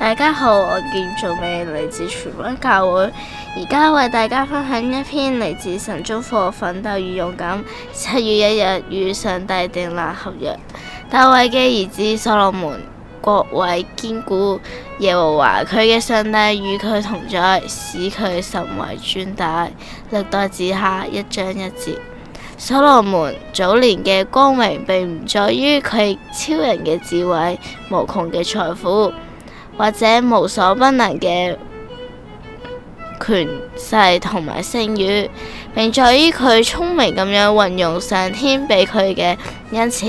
大家好，我叫趙美，嚟自荃灣教會，而家為大家分享一篇嚟自神中火奮鬥與勇敢。七月一日與上帝訂立合約，大衛嘅兒子所羅門國位堅固，耶和華佢嘅上帝與佢同在，使佢神為尊大。歷代志下一章一節。所羅門早年嘅光榮，並唔在於佢超人嘅智慧，無窮嘅財富。或者無所不能嘅權勢同埋聲譽，並在於佢聰明咁樣運用上天俾佢嘅。因此，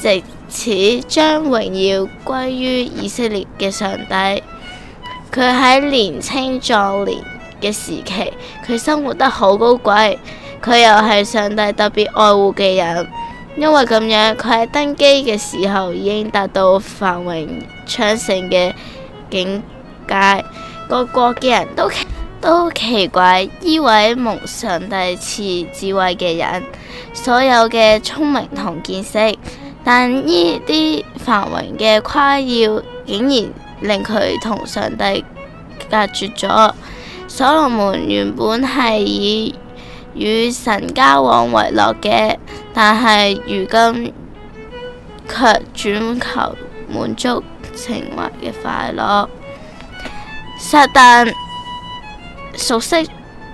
藉此將榮耀歸於以色列嘅上帝，佢喺年青壯年嘅時期，佢生活得好高貴，佢又係上帝特別愛護嘅人。因為咁樣，佢喺登基嘅時候已經達到繁榮昌盛嘅境界，各國嘅人都都奇怪呢位蒙上帝賜智慧嘅人，所有嘅聰明同見識，但呢啲繁榮嘅誇耀，竟然令佢同上帝隔絕咗。所羅門原本係以與神交往為樂嘅，但係如今卻轉求滿足情懷嘅快樂。撒旦熟悉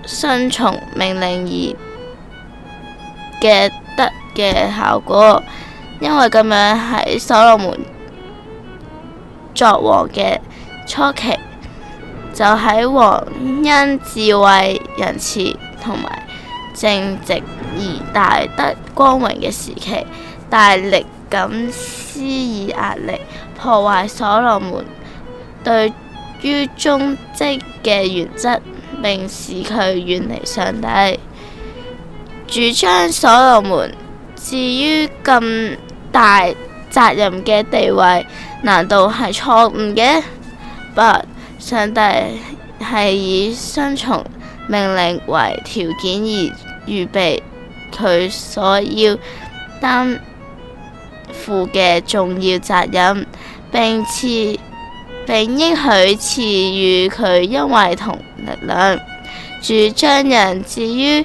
順從命令而嘅得嘅效果，因為咁樣喺所羅門作王嘅初期，就喺王恩智慧、仁慈同埋。正直而大得光榮嘅時期，大力咁施以壓力，破壞所羅門對於忠職嘅原則，並使佢遠離上帝。主張所羅門至於咁大責任嘅地位，難道係錯誤嘅？不，上帝係以雙重命令為條件而。預備佢所要擔負嘅重要責任，並賜並應許賜予佢恩惠同力量，主將人置於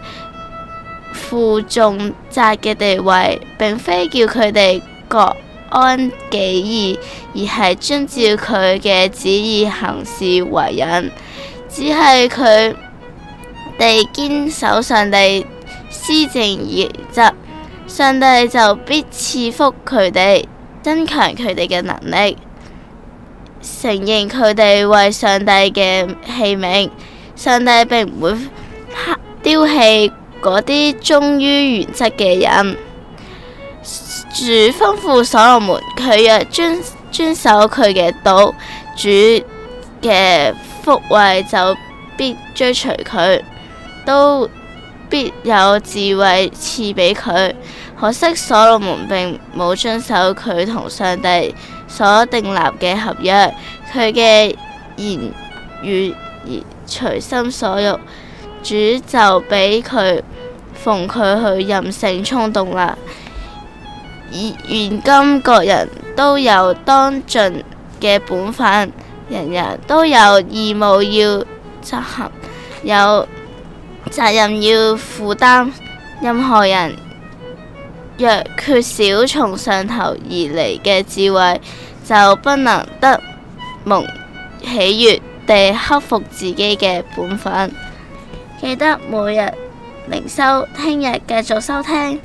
負重責嘅地位，並非叫佢哋各安己意，而係遵照佢嘅旨意行事為人，只係佢。地堅守上帝施政原則，上帝就必賜福佢哋，增強佢哋嘅能力，承認佢哋為上帝嘅器皿。上帝並唔會丟棄嗰啲忠於原則嘅人。主吩咐所羅門：佢若遵遵守佢嘅道，主嘅福惠就必追隨佢。都必有智慧賜俾佢，可惜所羅門並冇遵守佢同上帝所訂立嘅合約，佢嘅言語而隨心所欲，主就俾佢奉佢去任性衝動啦。而現今各人都有當盡嘅本分，人人都有義務要執行有，責任要負擔，任何人若缺少從上頭而來嘅智慧，就不能得蒙喜悅地克服自己嘅本分。記得每日靈修，聽日繼續收聽。